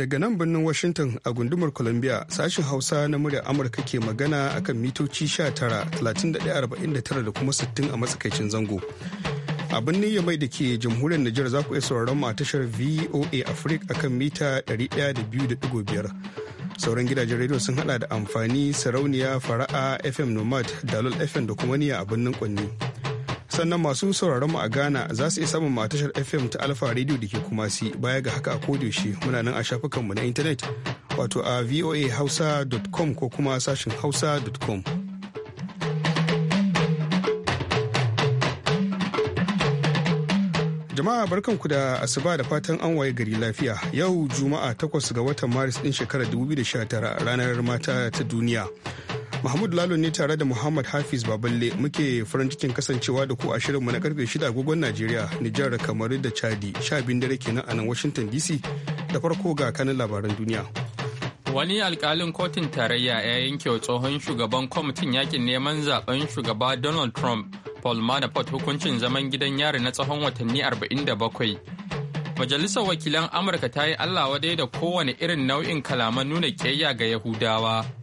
daga nan birnin Washington a gundumar Columbia sashin Hausa na muryar Amurka ke magana akan mitoci 19,31,49 da kuma 60 a matsakaicin zango. A birnin Yamai da ke jamhuriyar Nijar za ku iya sauraron mu a tashar VOA Africa akan mita 102.5. Sauran gidajen rediyo sun hada da amfani sarauniya fara'a FM Nomad, Dalol FM da kuma niya a birnin Kwanni. sannan masu sauraron mu a Ghana za su iya samun matashar FM ta Alfa Radio da ke kuma si baya ga haka a kodiyoshe muna nan a shafukanmu na intanet wato a voahausa.com ko kuma sashin hausa.com. Jama'a barkanku da asuba da fatan an waye gari lafiya yau juma'a 8 ga watan maris din shekarar 2019 ranar mata ta duniya. Mahmud Lalo ne tare da Muhammad Hafiz Baballe muke farin cikin kasancewa da ku a mu na karfe 6 agogon Najeriya, Nijar, kamar da Chadi, sha biyun dare kenan a nan Washington DC da farko ga kanin labaran duniya. Wani alkalin kotun tarayya ya yanke wa tsohon shugaban kwamitin yakin neman zaben shugaba Donald Trump, Paul Manafort hukuncin zaman gidan yari na tsawon watanni 47. Majalisar wakilan Amurka ta yi Allah wadai da kowane irin nau'in kalaman nuna kiyayya ga Yahudawa.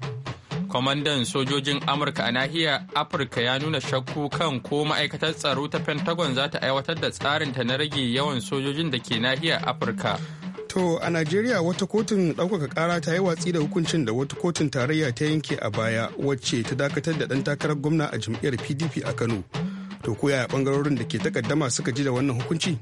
kwamandan sojojin amurka a nahiyar afirka ya nuna shakku kan ko ma'aikatar tsaro ta pentagon za ta aiwatar da tsarinta na rage yawan sojojin da ke nahiyar afirka To a Najeriya wata kotun ɗaukaka kara ta yi watsi da hukuncin da wata kotun tarayya ta yanke a baya wacce ta dakatar da ɗan takarar gwamna a jam'iyyar PDP a Kano. To ko yaya ɓangarorin da ke takaddama suka ji da wannan hukunci?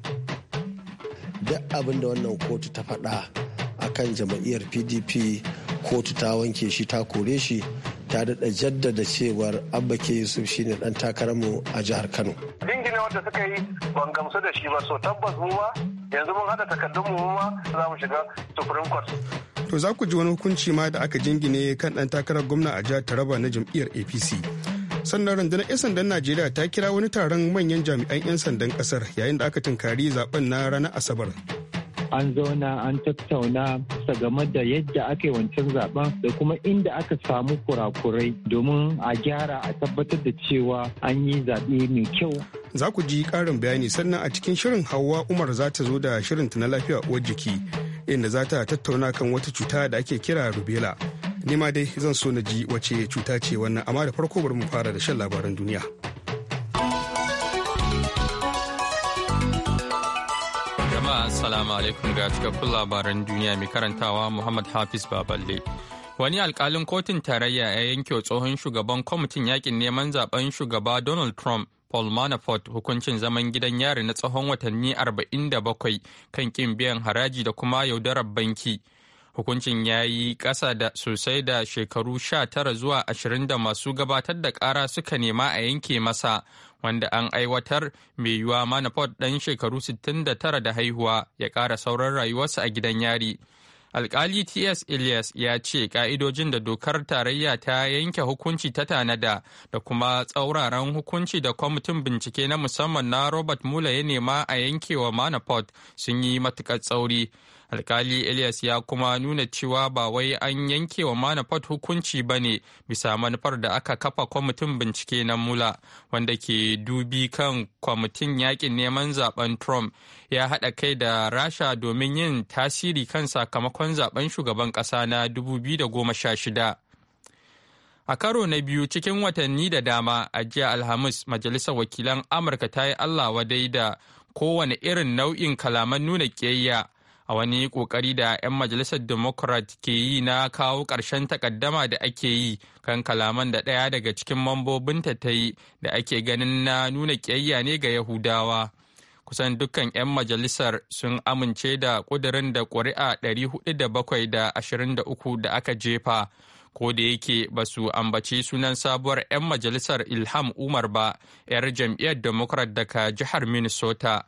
Duk abin da wannan kotu ta faɗa akan jam'iyyar PDP kotu ta wanke shi ta kore shi ta daɗa jaddada cewar abba ke yusuf shine dan takararmu a jihar kano dingina wanda suka yi ban gamsu da shi ba so tabbas mu ba yanzu mun haɗa takardun mu ma za mu shiga supreme court to za ku ji wani hukunci ma da aka jingine kan ɗan takarar gwamna a jihar taraba na jam'iyyar apc sannan rundunar 'yan sandan najeriya ta kira wani taron manyan jami'an 'yan sandan kasar yayin da aka tunkari zaben na ranar asabar an zauna an tattauna sa game da yadda aka yi wancan zaben da kuma inda aka samu kurakurai domin a gyara a tabbatar da cewa an yi zaɓe mai kyau. Za ku ji ƙarin bayani sannan a cikin shirin hawa Umar za ta zo da shirin ta na lafiya uwar jiki inda za ta tattauna kan wata cuta da ake kira rubela. Nima dai zan so na ji wace cuta ce wannan amma da farko bari mu fara da shan labaran duniya. Jama'a Assalamu alaikum ga cikakkun labaran duniya mai karantawa Muhammad Hafiz Baballe. Wani alkalin kotun tarayya ya yanke tsohon shugaban kwamitin yakin neman zaben shugaba Donald Trump Paul Manafort hukuncin zaman gidan yari na tsawon watanni 47 kan kin biyan haraji da kuma yaudarar banki. hukuncin ya yi ƙasa da sosai da shekaru sha tara zuwa ashirin da masu gabatar da ƙara suka nema a yanke masa wanda an aiwatar mai yiwuwa manafort ɗan shekaru 69 da haihuwa ya ƙara sauran rayuwarsa a gidan yari alkali ts elias ya ce ƙa'idojin da dokar tarayya ta yanke hukunci ta tanada da kuma tsauraran hukunci da kwamitin bincike na musamman na robert mueller ya nema a yankewa manafort sun yi matuƙar tsauri alkali elias ya kuma nuna cewa ba wai an yanke wa manafort hukunci ba ne bisa manufar da aka kafa kwamitin bincike na mula wanda ke dubi kan kwamitin yakin neman zaben trump ya haɗa kai da rasha domin yin tasiri kan sakamakon zaben shugaban ƙasa na 2016 A karo na biyu cikin watanni da dama a jiya Alhamis Majalisar Wakilan Amurka ta yi Allah wadai da kowane irin nau'in kalaman nuna ƙiyayya a wani kokari da 'yan majalisar democrat ke yi na kawo ƙarshen takaddama da ake yi kan kalaman da ɗaya daga cikin mambobinta ta yi da ake ganin na nuna ƙiyayya ne ga yahudawa kusan dukkan 'yan majalisar sun amince da ƙudurin da ƙuri'a 407 da aka jefa ko da yake ba su ambaci sunan sabuwar 'yan majalisar ilham umar ba 'yar jam'iyyar democrat daga jihar minnesota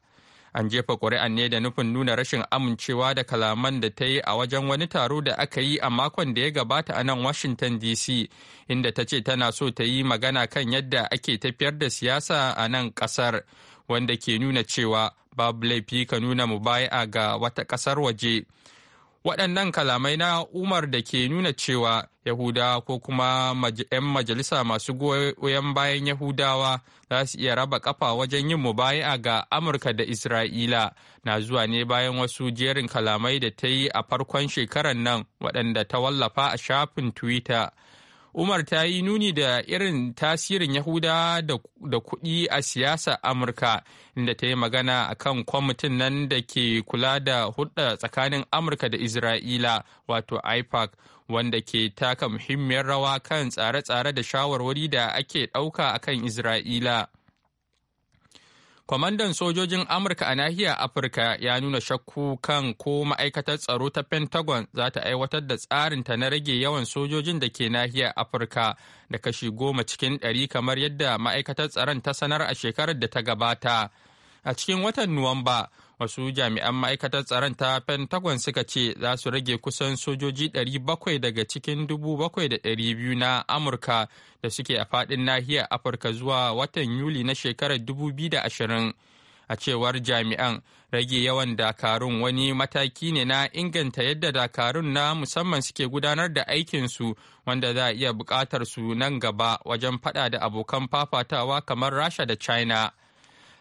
an jefa ƙuri'an ne da nufin nuna rashin amincewa da kalaman da ta yi a wajen wani taro da aka yi a makon da ya gabata a nan washington dc inda ta ce tana so ta yi magana kan yadda ake tafiyar da siyasa a nan ƙasar wanda ke nuna cewa babu laifi ka nuna mubaya'a ga wata ƙasar waje waɗannan kalamai na umar da ke nuna cewa yahuda ko kuma 'yan majalisa masu goyon bayan yahudawa za su iya raba kafa wajen yin mubaya'a ga amurka da isra'ila na zuwa ne bayan wasu jerin kalamai da ta yi a farkon shekarar nan waɗanda ta wallafa a shafin twitter Umar ta yi nuni da irin tasirin Yahuda da kuɗi a siyasa Amurka, inda ta yi magana a kan kwamitin nan da ke kula da hudda tsakanin Amurka da Isra'ila, wato IPAC, wanda ke taka muhimmiyar rawa kan tsare-tsare da shawarwari da ake ɗauka a kan Isra'ila. kwamandan sojojin amurka a nahiyar afirka ya nuna shakku kan ko ma'aikatar tsaro ta pentagon za ta aiwatar da tsarinta na rage yawan sojojin da ke nahiyar afirka da kashi goma cikin ɗari kamar yadda ma'aikatar tsaron ta sanar a shekarar da ta gabata a cikin watan nuwamba wasu jami'an ma'aikatar tsaron ta pentagon suka ce za su rage kusan sojoji 700 daga cikin 7,200 na amurka da suke a fadin nahiyar afirka zuwa watan yuli na shekarar 2020 a cewar jami'an rage yawan dakarun wani mataki ne na inganta yadda dakarun na musamman suke gudanar da aikinsu wanda za a iya bukatar su nan gaba wajen fada da abokan fafatawa kamar rasha da china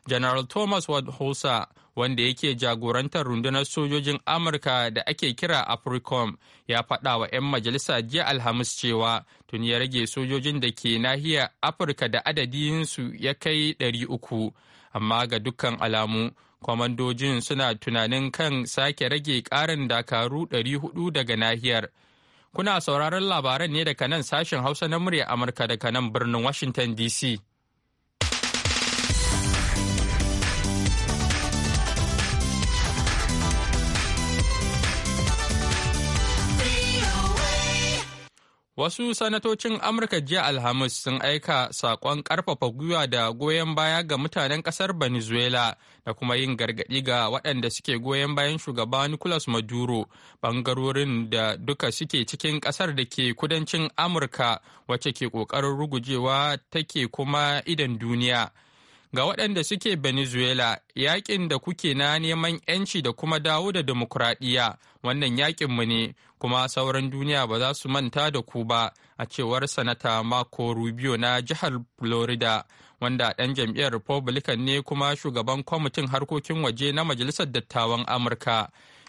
general thomas Wadhosa, wanda yake jagorantar rundunar sojojin amurka da ake kira africom ya faɗa wa 'yan majalisa jiya alhamis cewa tun ya rage sojojin da ke nahiyar afirka da adadinsu ya kai 300 amma ga dukkan alamu kwamandojin suna tunanin kan sake rage ƙarin dakaru 400 daga nahiyar kuna sauraron labaran ne daga nan sashen hausa na murya amurka daga nan birnin washington dc Wasu sanatocin Amurka jiya Alhamis sun aika saƙon ƙarfafa gwiwa da goyon baya ga mutanen ƙasar Venezuela da kuma yin gargaɗi ga waɗanda suke goyon bayan shugaba Nicolas Maduro ɓangarorin da duka suke cikin ƙasar da ke kudancin Amurka wacce ke ƙoƙarin rugujewa take kuma idan duniya. Ga waɗanda suke Venezuela, yaƙin da kuke na neman 'yanci da kuma dawo da dimokuraɗiyya, wannan yaƙinmu ne. kuma sauran duniya ba za su manta da ku ba a cewar sanata mako rubio na jihar florida wanda ɗan jam'iyyar republican ne kuma shugaban kwamitin harkokin waje na majalisar dattawan amurka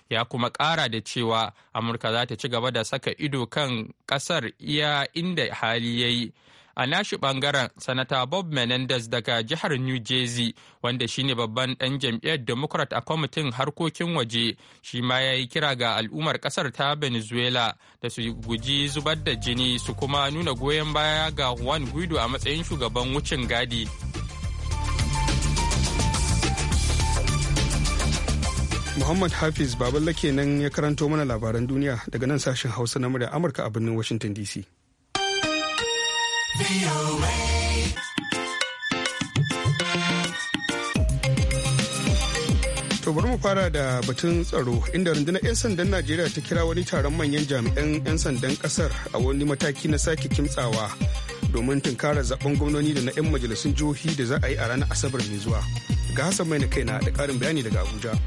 ya kuma ƙara da cewa amurka za ta ci gaba da saka ido kan ƙasar iya inda hali ya yi a nashi bangaren sanata bob menendez daga jihar new jersey wanda shine babban dan jam'iyyar democrat a kwamitin harkokin waje shi ma ya yi kira ga al'ummar kasar ta venezuela da su guji zubar da jini su kuma nuna goyon baya ga juan guido a matsayin shugaban wucin gadi Muhammad Hafiz babalake nan ya karanto mana labaran duniya daga nan sashen Hausa na murya Amurka a birnin Washington DC. To bari mu fara da batun tsaro inda rundunar 'yan sandan Najeriya ta kira wani taron manyan jami'an 'yan sandan kasar a wani mataki na sake kimtsawa domin tunkarar zaben gwamnoni da na 'yan majalisun jihohi da za a yi a ranar Asabar mai zuwa. Ga Hassan mai na kaina da ƙarin bayani daga Abuja.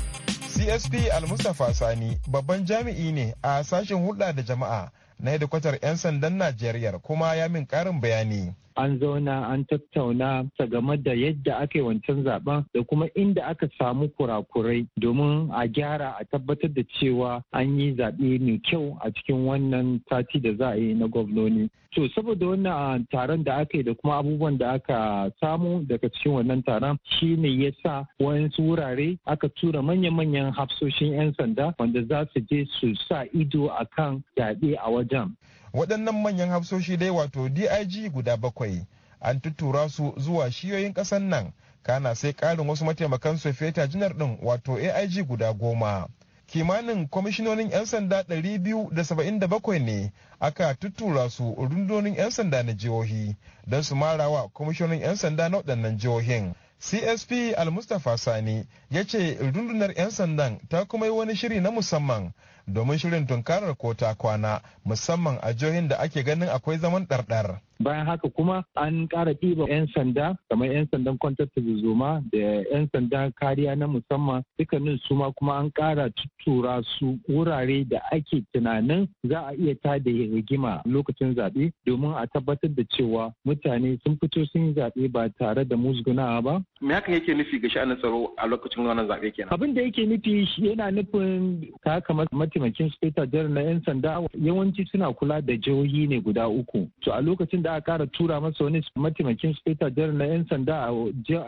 CSP Almustafa Sani babban jami'i ne a sashen hulɗa da jama'a na hedikwatar 'yan sandan Najeriya kuma ya min karin bayani. an zauna an tattauna ta game da yadda aka wancan zaben da kuma inda aka samu kurakurai domin a gyara a tabbatar da cewa an yi zaɓe mai kyau a cikin wannan sati da za a yi na gwamnoni. To saboda wannan ah, taron da aka yi da kuma abubuwan da aka samu daga cikin wannan taron shi ne ya sa wani wurare aka tura manya-manyan hafsoshin 'yan sanda wanda za su je su sa ido akan zaɓe a wajen. waɗannan manyan hafsoshi dai wato dig guda bakwai an tuttura su zuwa shiyoyin ƙasar nan kana sai ƙarin wasu mataimakan sofeta jinar ɗin wato aig guda goma kimanin kwamishinonin 'yan sanda ɗari biyu da da saba'in 277 ne aka tuttura su rundunonin 'yan sanda na jihohi don su marawa kwamishinonin 'yan sanda na waɗannan jihohin CSP Al-Mustapha Sani ya ce rundunar 'yan sandan ta kuma yi wani shiri na musamman domin shirin tunkarar kota kwana musamman a jihohin da ake ganin akwai zaman ɗarɗar. bayan haka kuma an ƙara ɗiba 'yan sanda kamar 'yan sandan kwantar zuma da 'yan sandan kariya na musamman dukkanin su ma kuma an ƙara tuttura su wurare da ake tunanin za a iya ta da rigima lokacin zaɓe domin a tabbatar da cewa mutane sun fito sun yi zaɓe ba tare da musgunawa ba. Me hakan yake nufi ga sha'anin tsaro a lokacin wannan zaɓe kenan? Abin da yake nufi yana nufin ta kamar mataimakin speta jar na 'yan sanda yawanci suna kula da jihohi ne guda uku. To a lokacin da za a kara tura masa wani mataimakin speta janar na 'yan sanda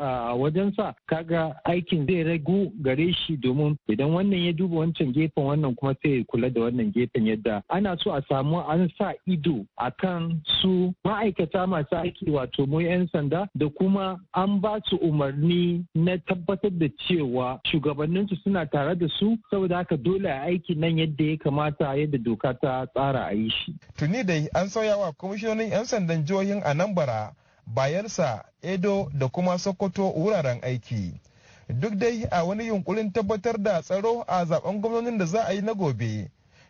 a wajensa kaga aikin zai ragu gare shi domin idan wannan ya duba wancan gefen wannan kuma sai kula da wannan gefen yadda ana so a samu an sa ido kan su ma'aikata masu aiki wato mu 'yan sanda da kuma an ba su umarni na tabbatar da cewa shugabanninsu suna tare da su saboda haka dole a aiki nan yadda ya kamata yadda doka ta tsara a yi shi. Tuni dai an sauya wa 'yan sanda waɗannan jihohin a bara bayelsa edo da kuma sokoto wuraren aiki duk dai a wani yunkurin tabbatar da tsaro a zaben gwamnonin da za a yi na gobe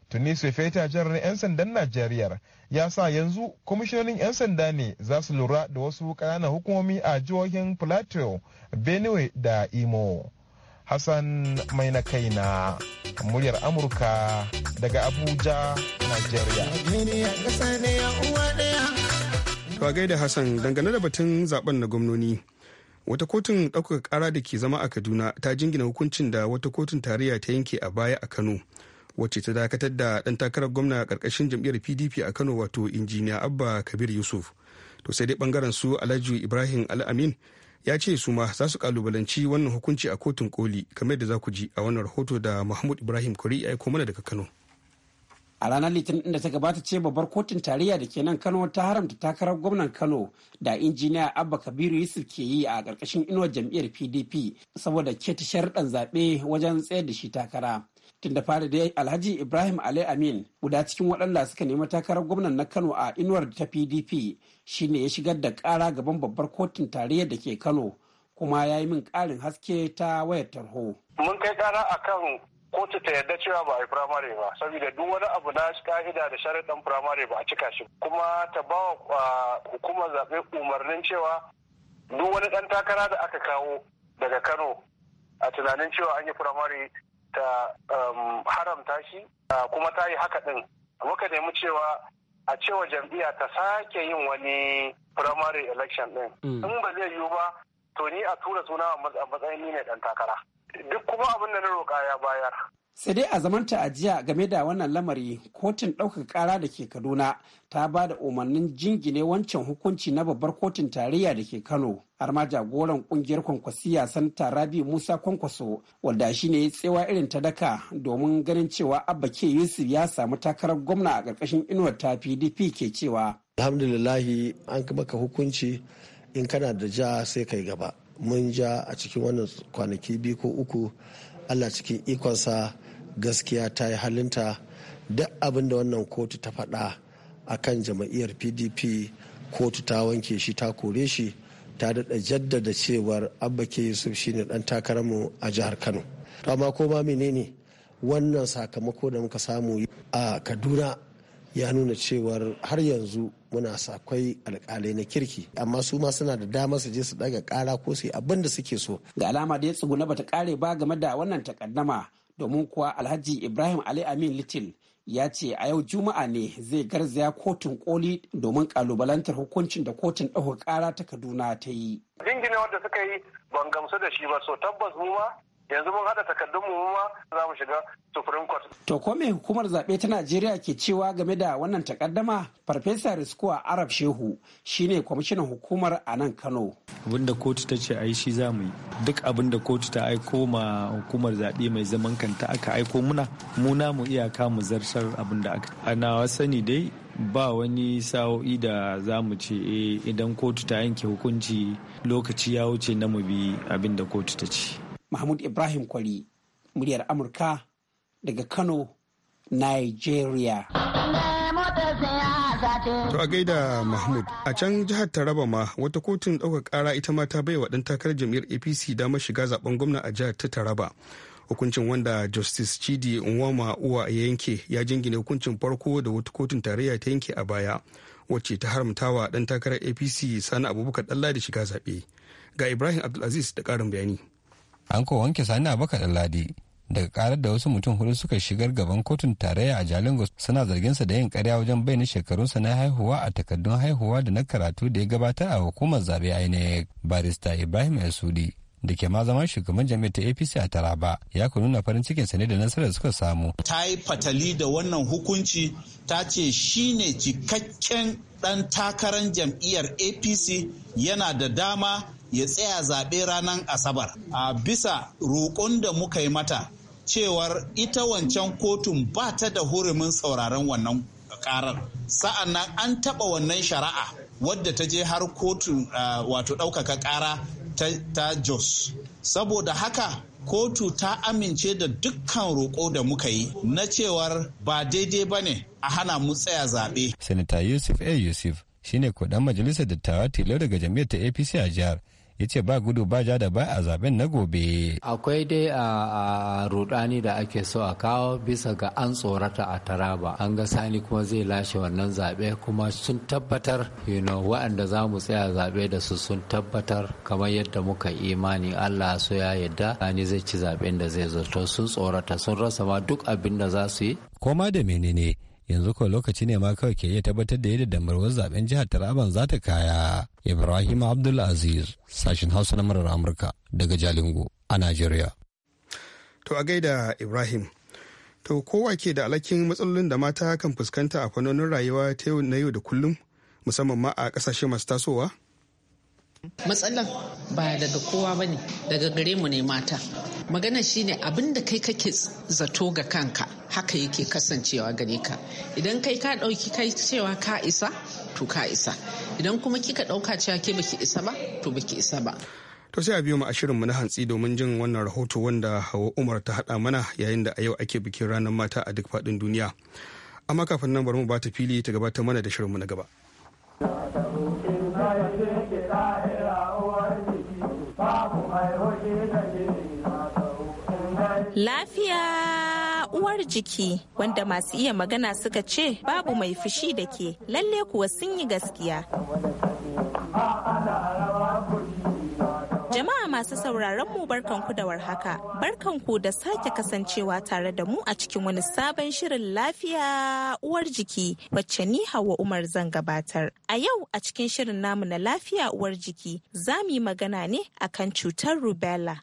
tuni sufeta jiran 'yan sandan najeriya ya sa yanzu kwamishinan 'yan sanda ne za su lura da wasu ƙananan hukumomi a jihohin plateau benue da imo hassan mai na kaina muryar amurka daga abuja najeriya ba gaida Hassan dangane da batun zaben na gwamnoni. Wata kotun ɗaukaka ƙara da ke zama a Kaduna ta jingina hukuncin da wata kotun tarayya ta yanke a baya a Kano. Wacce ta dakatar da ɗan takarar gwamna a ƙarƙashin jam'iyyar PDP a Kano wato injiniya Abba Kabir Yusuf. To sai dai ɓangaren su Alhaji Ibrahim Al'amin ya ce su ma za su kalubalanci wannan hukunci a kotun koli kamar da za ku ji a wannan rahoto da Mahmud Ibrahim Kuri ya aiko mana daga Kano. a ranar litinin da ta gabata ce babbar kotun tarayya da ke nan kano ta haramta takarar gwamnan kano da injiniya abba kabiru yusuf ke yi a ƙarƙashin inuwar jam'iyyar pdp saboda keta sharɗan zaɓe wajen tsayar da shi takara tun da fara dai alhaji ibrahim ali amin guda cikin waɗanda suka nemi takarar gwamnan na kano a inuwar ta pdp shine ya shigar da ƙara gaban babbar kotun tarayya da ke kano kuma ya yi min ƙarin haske ta wayar tarho. Mun kai ƙara a kan kotu ta yarda cewa ba a yi firamare ba saboda duk wani abu na ka'ida da sharaɗin firamare ba a cika shi kuma ta ba wa hukumar zaɓe umarnin cewa duk wani ɗan takara da aka kawo daga kano a tunanin cewa an yi firamare ta um, haramta shi kuma ta yi haka ɗin muka nemi cewa a cewa jam'iyya ta sake yin wani firamare election ɗin mm. in ba zai yiwu ba to ni a tura suna a matsayin ni ne ɗan takara duk kuma abin da na roƙa ya bayar. sai dai a zaman ta'ajiya game da wannan lamari kotun ɗaukar ƙara da ke kaduna ta ba da umarnin jingine wancan hukunci na babbar kotun tarayya da ke kano har ma jagoran ƙungiyar kwankwasiya santa rabi musa kwankwaso wanda shi ne tsewa irin ta daka domin ganin cewa abba ke yusuf ya samu takarar gwamna a ƙarƙashin inuwar ta pdp ke cewa alhamdulillahi an maka hukunci in kana da ja sai kai gaba mun ja a cikin wannan kwanaki biyu ko uku allah cikin ikonsa gaskiya ta yi halinta duk abin da wannan kotu ta faɗa a kan jama'iyyar pdp kotu ta wanke shi ta kore shi ta daɗa jaddada cewar abba yusuf shine ɗan takararmu a jihar kano amma ko ma menene wannan sakamako da muka samu a kaduna ya nuna cewar har yanzu muna sakwai alkalai na kirki amma su ma suna da damar su je su daga kara ko su yi abin da suke so ga alama da ya tsuguna bata kare ba game da wannan takaddama domin kuwa alhaji ibrahim ali amin litil ya ce a yau juma'a ne zai garzaya kotun koli domin kalubalantar hukuncin da kotun ɗaukar kara ta kaduna ta yi jingina wanda suka yi ban gamsu da shi ba so tabbas mu ma yanzu mun haɗa takardun mu ma za mu shiga Supreme Court. To ko me hukumar zaɓe ta Najeriya ke cewa game da wannan takaddama Farfesa Riskuwa Arab Shehu shine kwamishinan hukumar a nan Kano. Abin da kotu ta ce ai shi za mu yi. Duk abin kotu ta aiko ma hukumar zaɓe mai zaman kanta aka aiko muna mu iyaka mu zartar abin da aka. Ana sani dai ba wani sa'o'i da za mu ce eh, idan kotu ta yanke hukunci lokaci ya wuce na mu bi abin kotu ta ce. mahmud ibrahim kwali muryar amurka daga kano nigeria To a gaida Mahmud a can jihar Taraba ma wata kotun ɗauka ƙara ita ma ta baiwa ɗan takarar jam'iyyar APC damar shiga zaben gwamna a jihar ta Taraba. Hukuncin wanda Justice Chidi Nwama Uwa ya yanke ya jingine hukuncin farko da wata kotun tarayya ta yanke a baya wacce ta haramtawa ɗan takarar APC Sani Abubakar Ɗalla da shiga zaɓe. Ga Ibrahim Abdulaziz da ƙarin bayani. an ko wanke sani abaka ladi daga karar da wasu mutum hudu suka shigar gaban kotun tarayya a jalingo suna zarginsa da yin karya wajen bayyana shekarunsa na haihuwa a takardun haihuwa da na karatu da ya gabatar a hukumar zabe inec barista ibrahim yasudi da ke ma zama shugaban jami'ar ta apc a taraba ya ku nuna farin cikinsa ne da nasarar suka samu ta yi fatali da wannan hukunci ta ce shi ne cikakken dan takarar jam'iyyar apc yana da dama ya tsaya zaɓe ranar asabar a bisa roƙon da muka yi mata cewar ita wancan kotun ba ta da hurumin sauraron wannan ƙarar. sa'an nan an taɓa wannan shari'a wadda ta je har kotun wato ɗaukaka ƙara ta jos saboda haka kotu ta amince da dukkan roƙo da muka yi na cewar ba daidai ba ne a hana mu tsaya zaɓe. senator Yusuf A. Yusuf shine kudan majalisar dattawa tilo daga jami'ar ta APC a jihar ya ce ba gudu ba ja da ba a zaben na gobe. Akwai dai a rudani da ake so a kawo bisa ga an tsorata a taraba an ga sani kuma zai lashe wannan zaɓe kuma sun tabbatar you know waɗanda za mu tsaya zaɓe da su sun tabbatar kamar yadda muka imani Allah so ya yadda sani zai ci zaɓen da zai zato sun tsorata sun rasa ma duk abin da za su yi. Koma da menene yanzu ko lokaci ne ma kawai ke iya tabbatar da yadda damarwar zaben jihar taraban za ta kaya ibrahim abdulaziz sashen hausa na marar amurka daga jalingo a najeriya to a gaida ibrahim to kowa ke da alakin matsalolin da mata kan fuskanta a kwanonin rayuwa ta na yau da kullum musamman ma a kasashe masu tasowa matsalan ba daga kowa ba ne daga gare mu ne mata magana shine abin da kai kake zato ga kanka haka yake kasancewa gare ka idan kai ka dauki kai cewa ka isa to ka isa idan kuma kika dauka cewa ke baki isa ba to baki isa ba to sai a biyo mu a mu na hantsi domin jin wannan rahoto wanda hawa umar ta hada mana yayin da a yau ake bikin ranar mata a duk fadin duniya amma kafin nan bari mu ba ta fili ta gabatar mana da mu na gaba. Lafiya uwar jiki wanda masu iya magana suka ce babu mai fushi da ke lalle kuwa sun yi gaskiya. Jama'a masu sauraron mu barkanku da warhaka, barkanku da sake kasancewa tare da mu a cikin wani sabon shirin lafiya uwar jiki wacce ni Hauwa Umar zan gabatar. A yau a cikin shirin namu na lafiya uwar jiki za mu yi magana ne akan cutar rubella.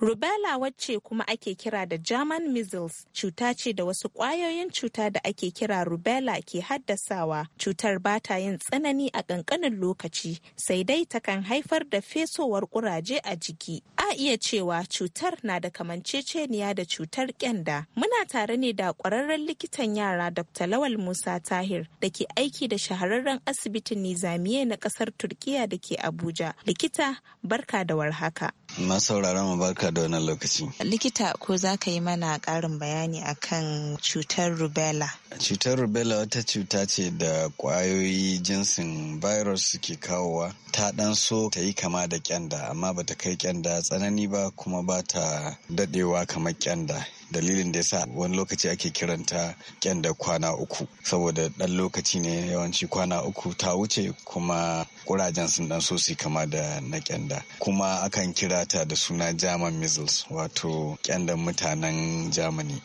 Rubella wacce kuma ake kira da German measles cuta ce da wasu ƙwayoyin cuta da ake kira rubella ke haddasawa. Cutar bata yin tsanani a ƙanƙanin lokaci sai dai takan haifar da fesowar ƙuraje a jiki. A iya cewa cutar na da kamanceceniya da cutar ƙyanda. Muna tare ne da ƙwararren likitan yara Dr. Lawal Musa Tahir da ke aiki da shahararren asibitin Nizamiye na ƙasar Turkiya da ke Abuja. Likita barka da warhaka. Masauraran mu barka da wannan lokaci. Likita ko za ka yi mana ƙarin bayani akan cutar rubella? Cutar rubella wata cuta ce da ƙwayoyi jinsin virus suke kawowa. Ta ɗan so ta yi kama da kyanda amma ba ta kai kyanda tsanani ba kuma ba ta daɗewa kamar kyanda. dalilin da yasa wani lokaci ake kiranta kyanda kwana uku saboda ɗan lokaci ne yawanci kwana uku ta wuce kuma kurajen sun dan so su kama da na kyanda kuma akan kira ta da suna german measles wato kyandan mutanen germany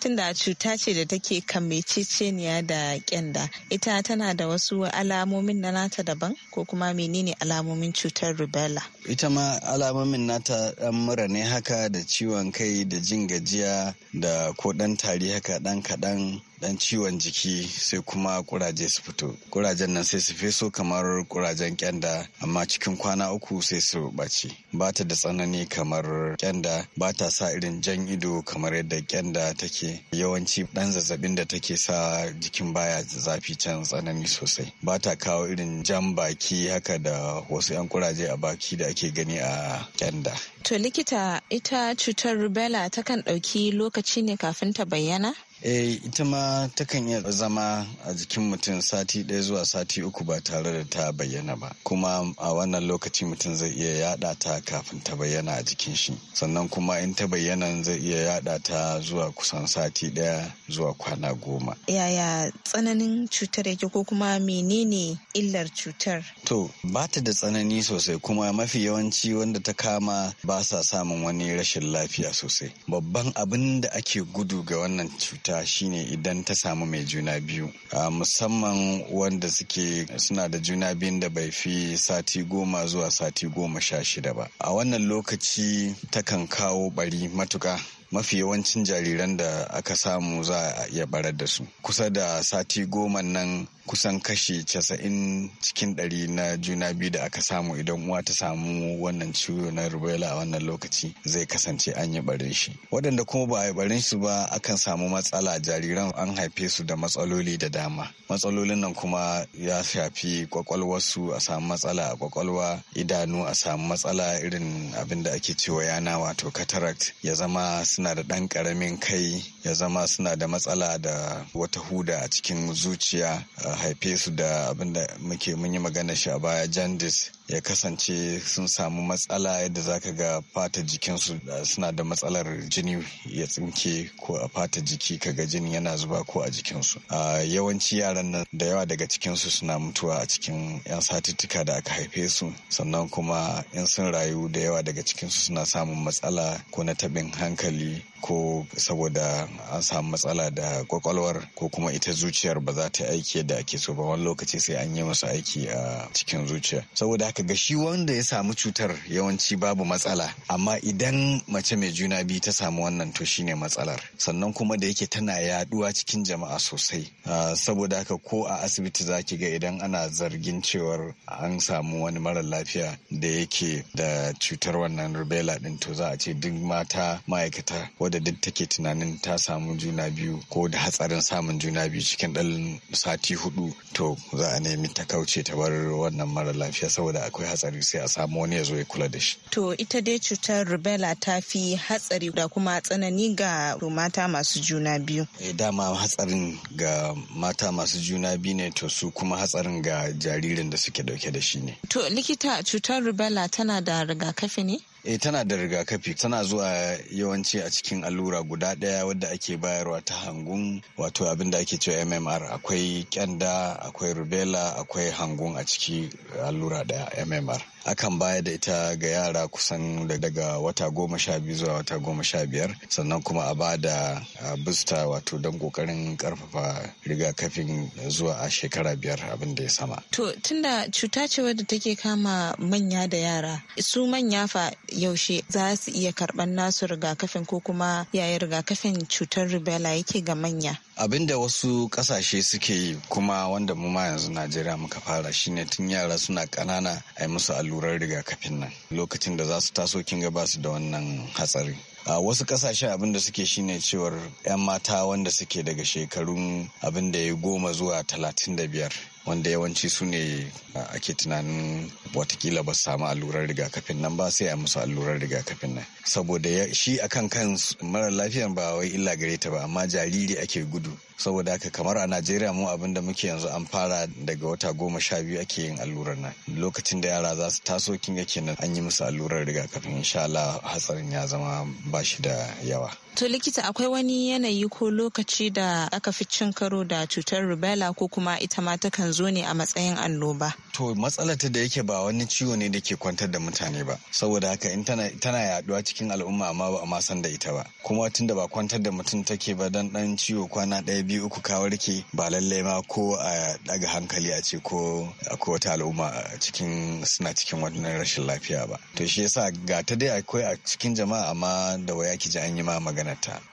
tunda cuta ce da take kan kamaiceceniya da kyanda ita tana da wasu alamomin na nata daban ko kuma menene alamomin cutar rubella ita ma alamomin nata dan mura ne haka da ciwon kai da jin gajiya da ko dan tari haka dan kaɗan dan ciwon jiki sai kuma kuraje su fito kurajen nan sai su feso kamar kurajen kyanda amma cikin kwana uku sai su bace ba ta da tsanani kamar kyanda ba ta sa irin jan ido kamar yadda kyanda take yawanci dan zazzabin da take sa jikin baya zafi can tsanani sosai ba ta kawo irin jan baki haka da wasu yan kuraje a baki da ake gani a kyanda to likita ita cutar rubella takan ɗauki lokaci ne kafin ta bayyana eh ita ma takan iya zama a jikin mutum sati ɗaya zuwa sati uku ba tare da ta bayyana ba kuma a wannan lokaci mutum zai iya yada ta kafin ta bayyana a jikin shi sannan kuma in ta bayyana zai iya yada ta zuwa kusan sati ɗaya zuwa kwana goma yaya tsananin cutar yake ko kuma menene illar cutar to ba ta da tsanani sosai kuma mafi yawanci wanda ta kama ba sa samun wani rashin lafiya sosai babban abin da ake gudu ga wannan cutar. ta shine idan ta samu mai juna biyu musamman wanda suke suna da juna biyun da bai fi sati goma zuwa sati goma sha shida ba a wannan lokaci takan kawo bari matuka mafi yawancin jariran da aka samu za a iya barar da su kusa da sati goma nan kusan kashi casa'in cikin ɗari na juna biyu da aka samu idan uwa ta samu wannan ciwo na rubella a wannan lokaci zai kasance an yi barin shi waɗanda kuma ba a yi barin su ba akan samu matsala jariran an haife su da matsaloli da dama matsalolin nan kuma ya shafi kwakwalwarsu a samu matsala a kwakwalwa idanu a samu matsala irin abin da ake cewa yana wato cataract ya zama suna da ɗan ƙaramin kai ya zama suna da matsala da wata huda a cikin zuciya haife su da abin da muke mun yi magana shi a baya jandis ya kasance sun samu matsala yadda zaka ga fata jikinsu uh, suna da matsalar jini ya tsinke ko a fata jiki kaga jini yana zuba ko a jikinsu a yawanci yaran nan da yawa daga cikinsu suna mutuwa a cikin 'yan satittika da aka haife su sannan kuma in sun rayu da yawa daga cikinsu suna samun matsala ko na tabin hankali ko saboda an samu matsala da kwakwalwar ko kuma ita zuciyar ba za ta aiki da ake so ba wani lokaci sai an yi musu aiki a cikin zuciya saboda ka ga shi wanda ya samu cutar yawanci babu matsala amma idan mace mai juna biyu ta samu wannan to shine matsalar sannan kuma da yake tana yaduwa cikin jama'a sosai ah, saboda haka ko a asibiti za ki ga idan ana zargin cewar an samu wani mara lafiya da yake da cutar wannan rubella din to za a ce duk mata ma'aikata wadda duk take tunanin ta samu juna biyu ko da hatsarin samun juna biyu cikin ɗan sati hudu to za a nemi ta kauce ta bar wannan mara lafiya saboda akwai hatsari sai a samu wani ya zo ya kula da shi. To ita dai cutar rubella ta fi hatsari da kuma tsanani ga mata masu juna biyu. E dama hatsarin ga mata masu juna biyu ne to su kuma hatsarin ga jaririn da suke dauke da shi ne. To likita cutar rubella tana da rigakafi ne? eh tana da rigakafi tana zuwa yawanci a cikin allura guda ɗaya wadda ake bayarwa ta hangun wato abin da ake cewa mmr akwai kyanda akwai rubella akwai hangun a ciki allura ɗaya mmr akan baya da ita ga yara kusan daga wata goma sha biyu zuwa wata goma sha biyar sannan kuma a ba da busta wato don kokarin karfafa rigakafin zuwa a shekara biyar abin da ya sama to tunda cuta ce wadda take kama manya da yara su manya fa yaushe za su iya karɓar nasu rigakafin ko kuma yaya rigakafin cutar rubella yake ga manya abin da wasu kasashe suke yi kuma wanda mu ma yanzu najeriya muka fara shine tun yara suna ƙanana a yi musu allurar rigakafin nan lokacin da za su taso kin ga basu da wannan hatsari a wasu kasashe abin da suke shine cewar 'yan mata wanda suke daga shekarun abin da ya goma zuwa talatin da biyar wanda yawanci su ne ake tunanin watakila ba su samu allurar rigakafin nan ba sai a musu allurar rigakafin nan saboda shi a kan kan mara lafiyan ba wai illa gare ta ba amma jariri ake gudu saboda haka kamar a najeriya mu abin da muke yanzu an fara daga wata goma sha biyu ake yin allurar nan lokacin da yara za su taso kin kenan an yi musu allurar rigakafin insha Allah hatsarin ya zama ba shi da yawa To likita akwai wani yanayi ko lokaci da aka fi cin karo da cutar rubella ko kuma ita ma ta kan zo ne a matsayin annoba. To matsalar ta da yake ba wani ciwo ne da ke kwantar da mutane ba. Saboda haka in tana, tana yaduwa cikin al'umma amma ba a ma san da ita ba. Kuma tun da ba kwantar da mutum take ba dan dan ciwo kwana ɗaya biyu uku ka warke ba lallai ma ko a daga hankali a ce ko akwai wata al'umma cikin suna cikin wannan rashin lafiya ba. To shi yasa ga ta dai akwai a cikin jama'a amma da waya ki ji an yi ma magana.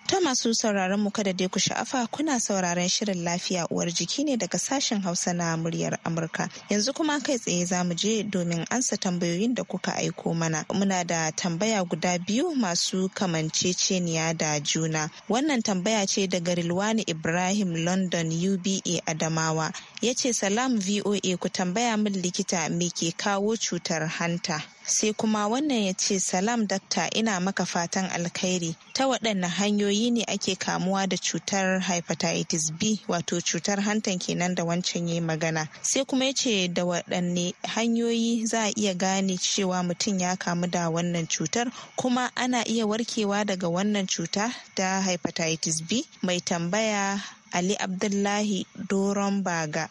Ta masu sauraron mu kada dai ku sha'afa kuna sauraron shirin lafiya uwar jiki ne daga sashen Hausa na muryar Amurka. Yanzu kuma kai tsaye za mu je domin ansa tambayoyin da kuka aiko mana. Muna da tambaya guda biyu masu kamanceceniya da juna. Wannan tambaya ce daga Rilwani Ibrahim London UBA Adamawa ya ce salam voa ku tambaya min likita me ke kawo cutar hanta sai kuma wannan ya ce salam dakta ina maka fatan alkhairi ta waɗanne hanyoyi ne ake kamuwa da cutar hepatitis b wato cutar hantan kenan da wancan ya magana sai kuma ya ce da waɗanne hanyoyi za a iya gane cewa mutum ya kamu da wannan cutar kuma ana iya warkewa daga wannan cuta ta hepatitis b mai tambaya ali abdullahi doron baga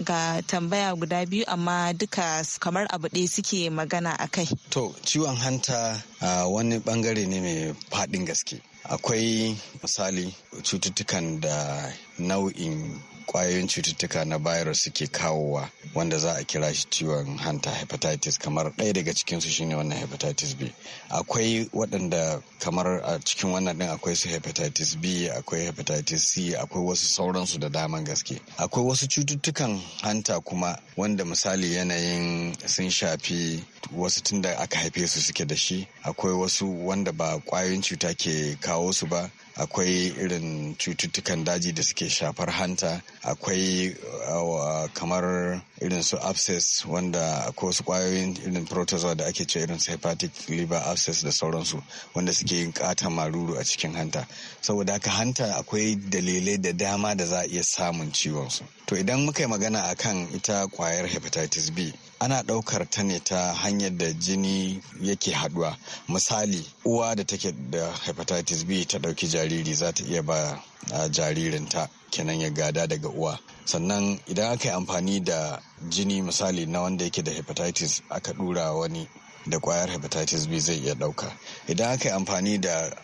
ga tambaya guda biyu amma duka kamar abu ɗaya suke magana a kai to ciwon hanta wani bangare ne mai faɗin gaske akwai misali cututtukan da nau'in kwayoyin cututtuka na virus suke kawowa wanda za a kira shi ciwon hanta hepatitis kamar ɗaya daga cikinsu shine wannan hepatitis b akwai waɗanda kamar a cikin wannan ɗin akwai su hepatitis b akwai hepatitis c akwai wasu sauransu da daman gaske akwai wasu cututtukan hanta kuma wanda misali yanayin sun shafi wasu tunda aka haife su suke da shi akwai wasu wanda ba kwayoyin cuta ke kawo su ba akwai irin cututtukan daji da suke shafar hanta akwai uh, kamar irin su abscess wanda akwai wasu kwayoyin irin protozoa da ake ce irin su hepatic liver abscess da sauransu wanda suke yin katon maruru a cikin hanta saboda haka hanta akwai dalilai da dama da za a iya samun ciwon su to idan muka yi magana akan ita kwayar hepatitis b ana ɗaukar ta ne ta hanyar da jini yake haɗuwa misali uwa da take da hepatitis b ta ɗauki jariri za ta iya ba jaririnta kenan ya gada daga uwa sannan idan aka yi amfani da jini misali na wanda yake da hepatitis aka ɗura wani da kwayar hepatitis b zai iya dauka idan aka yi amfani da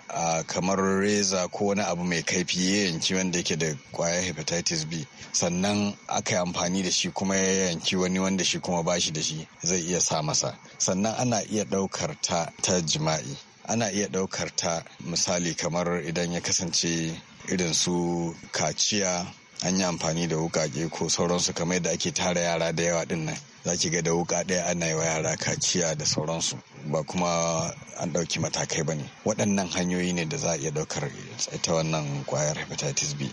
kamar reza ko wani abu mai kaifi ya yanki wanda yake da kwayar hepatitis b sannan aka yi amfani da shi kuma ya yanki wani wanda shi kuma ba shi da shi zai iya sa masa sannan ana iya daukar ta ta jima'i ana iya daukar ta misali kamar idan ya kasance irin su kaciya an yi amfani da wukake ko sauransu kamar yadda ake tara yara da yawa din za ki ga da wuka ɗaya ana yi wa yara kaciya da sauransu ba kuma an ɗauki matakai ba ne waɗannan hanyoyi ne da za a iya ɗaukar ita wannan kwayar hepatitis b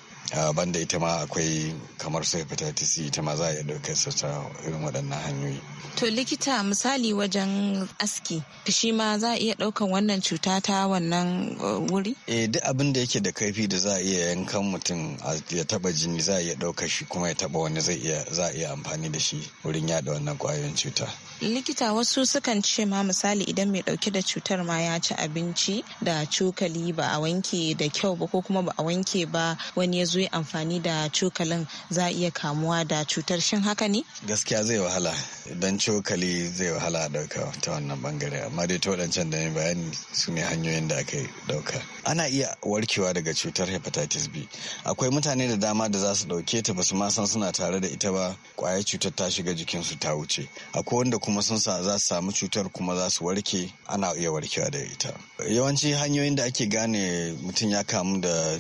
banda ita ma akwai kamar su hepatitis c ita ma za a iya ɗaukar su ta irin waɗannan hanyoyi to likita misali wajen aski shi ma za a iya ɗaukar wannan cuta ta wannan uh, wuri eh duk abin da yake da kaifi da za a iya yankan mutum ya taba jini za a iya ɗaukar shi kuma ya taba wani za a iya amfani da shi wurin yaɗa wannan kwayoyin cuta likita wasu sukan ce ma misali idan mai ɗauke da cutar ma ya ci abinci da cokali ba a wanke da kyau ba ko kuma ba a wanke ba wani ya zo amfani da cokalin za a iya kamuwa da cutar shin haka ne gaskiya zai wahala idan cokali zai wahala a dauka ta wannan bangare amma dai ta waɗancan da ne bayani su ne hanyoyin da aka ɗauka. ana iya warkewa daga cutar hepatitis b akwai mutane da dama da za su dauke ta ba su ma san suna tare da ita ba kwayar cutar ta shiga jikinsu ta wuce akwai wanda kuma sun sa za su samu cutar kuma za su warke ana iya warkewa da ita yawanci hanyoyin da ake gane mutum ya kamu da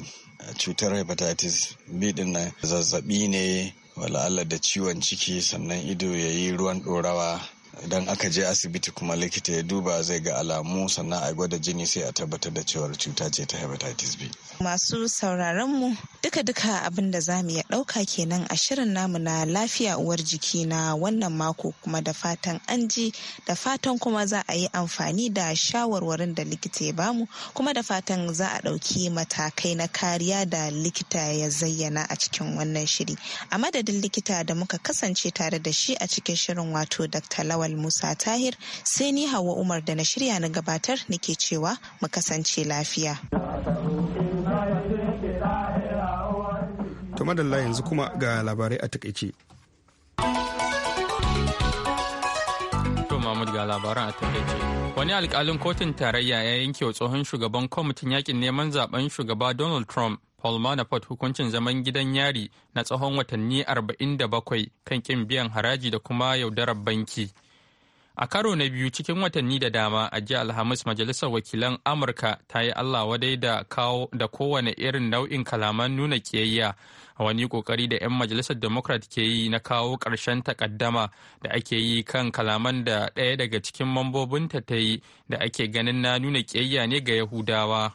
cutar hepatitis b din nan zazzabi ne wala da ciwon ciki sannan ido ya yi ruwan ɗorawa idan aka je asibiti kuma likita ya duba zai ga alamu sannan a gwada jini sai a tabbatar da cewar cuta ce ta hepatitis b masu sauraron mu duka duka abin da za mu ya dauka kenan a shirin namu na lafiya uwar jiki na wannan mako kuma da fatan an ji da fatan kuma za a yi amfani da shawarwarin da likita ya bamu kuma da fatan za a dauki matakai na kariya da likita ya zayyana a cikin wannan shiri a madadin likita da muka kasance tare da shi a cikin shirin wato dr lawa Lawal Musa Tahir sai ni hawa Umar da na shirya na gabatar nake cewa mu kasance lafiya. To madalla yanzu kuma ga labarai a takaice. To Mahmud ga labaran a takaice. Wani alkalin kotun tarayya ya yanke wa tsohon shugaban kwamitin yakin neman zaben shugaba Donald Trump Paul Manafort hukuncin zaman gidan yari na tsawon watanni 47 kan kin biyan haraji da kuma yaudarar banki. A karo na biyu cikin watanni da dama a jiya Alhamis Majalisar Wakilan Amurka ta yi Allah wadai da kawo da kowane irin nau'in kalaman nuna kiyayya a wani kokari da 'yan Majalisar Democrat ke yi na kawo ƙarshen takaddama da ake yi kan kalaman da ɗaya daga cikin mambobinta ta yi da ake ganin na nuna kiyayya ne ga Yahudawa.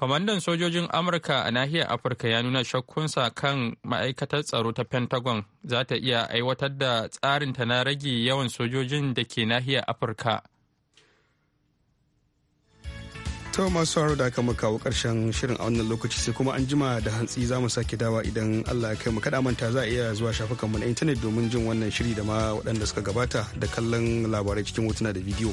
kwamandan sojojin amurka a nahiyar afirka ya nuna shakkunsa kan ma'aikatar tsaro ta pentagon za ta iya aiwatar da tsarinta na rage yawan sojojin da ke nahiyar afirka To masu haro da aka kawo karshen shirin a wannan lokaci sai kuma an jima da hantsi za mu sake dawa idan Allah ya kai mu kada manta za a iya zuwa shafukanmu na intanet domin jin wannan shiri da ma waɗanda suka gabata da kallon labarai cikin hotuna da bidiyo.